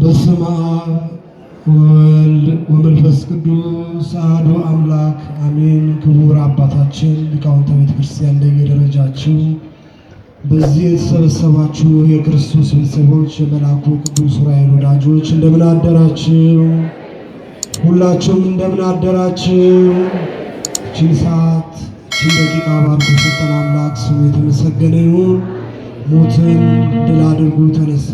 በስመ አብ ወወልድ ወመንፈስ ቅዱስ አሐዱ አምላክ አሜን። ክቡር አባታችን ሊቃውንተ ቤተ ክርስቲያን እንደየደረጃችሁ በዚህ የተሰበሰባችሁ የክርስቶስ ቤተሰቦች፣ የመልአኩ ቅዱስ ዑራኤል ወዳጆች እንደምን አደራችሁ? ሁላችሁም እንደምን አደራችሁ? ቺን ሰዓት ቺን ደቂቃ ባርኮ ሰጠን አምላክ ስሙ የተመሰገነ ይሁን። ሞትን ድል አድርጎ ተነሳ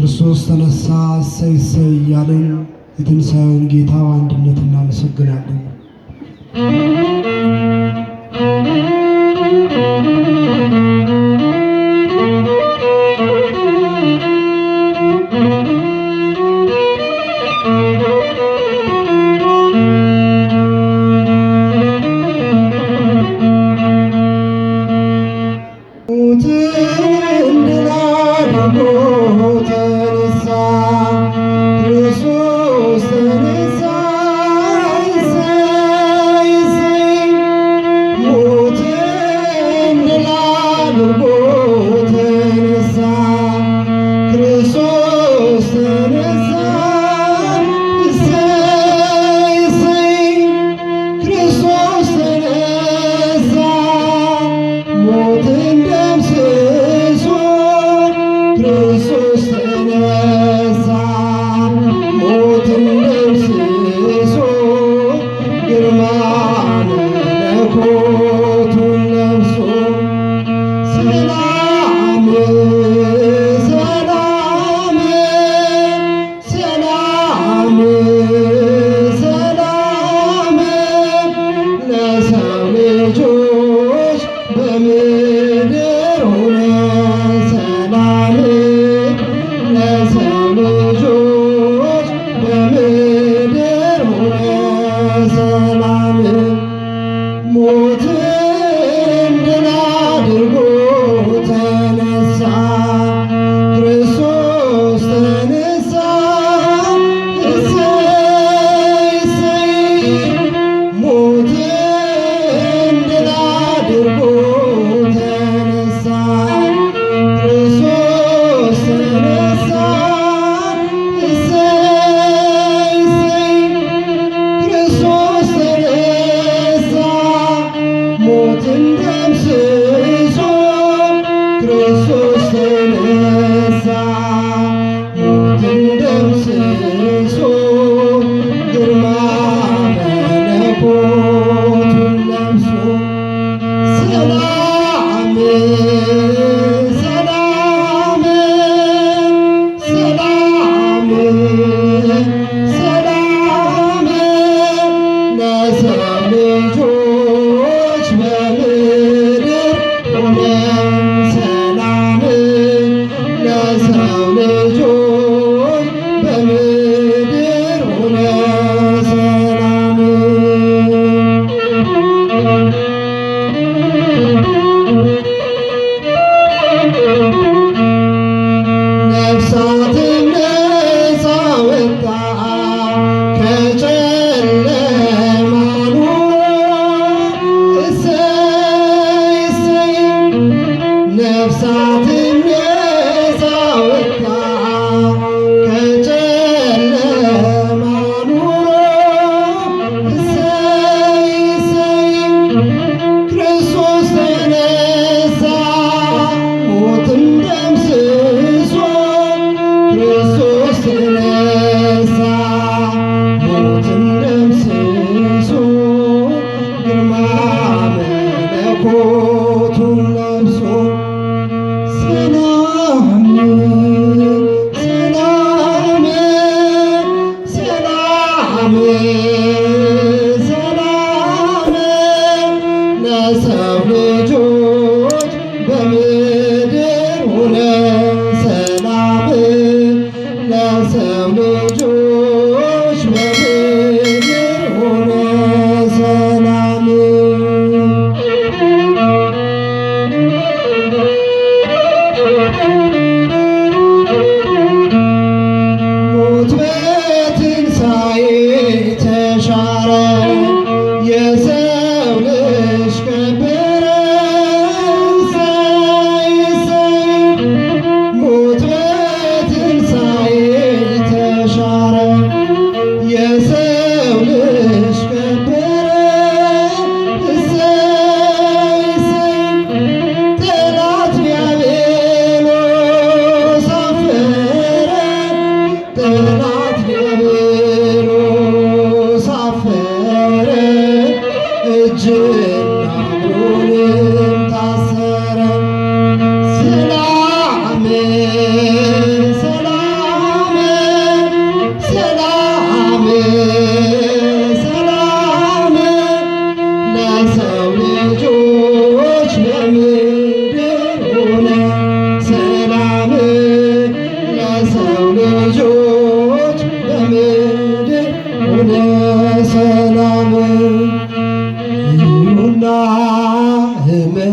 ክርስቶስ ተነሳ እሰይ እሰይ እያለን የትንሣኤውን ጌታ በአንድነት እናመሰግናለን። ছিল না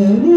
Aleluia.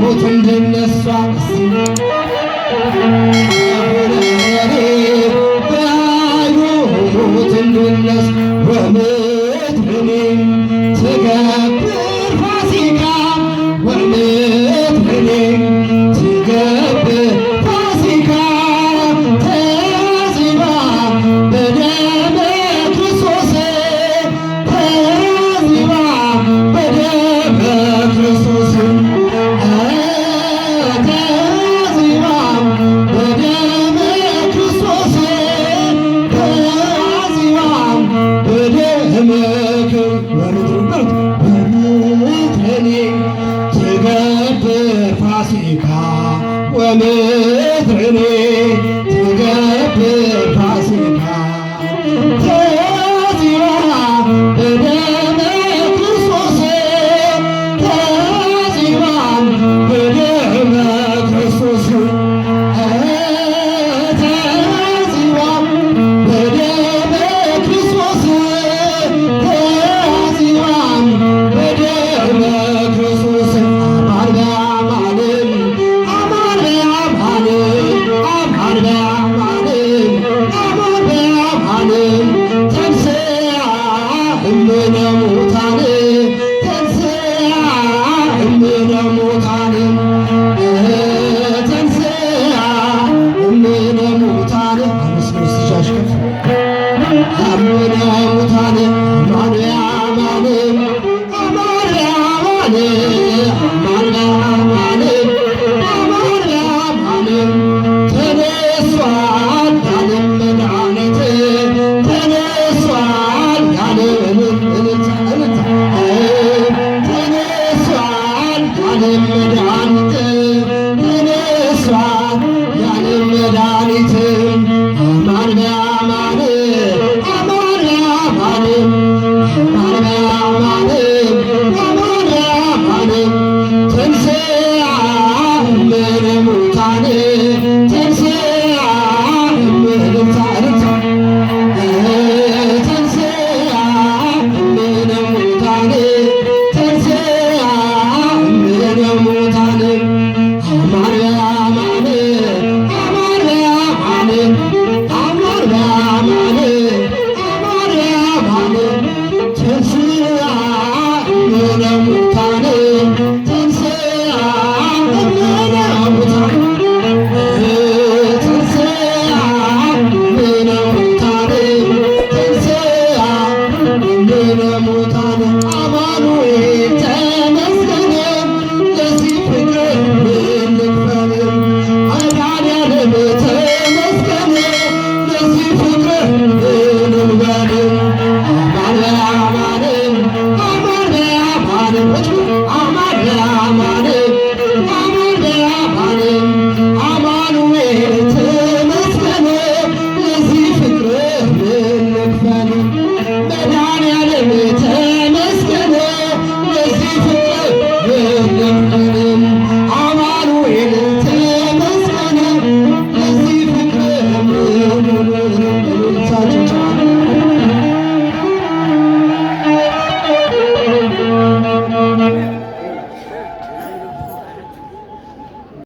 የኖሩት እንደነሷ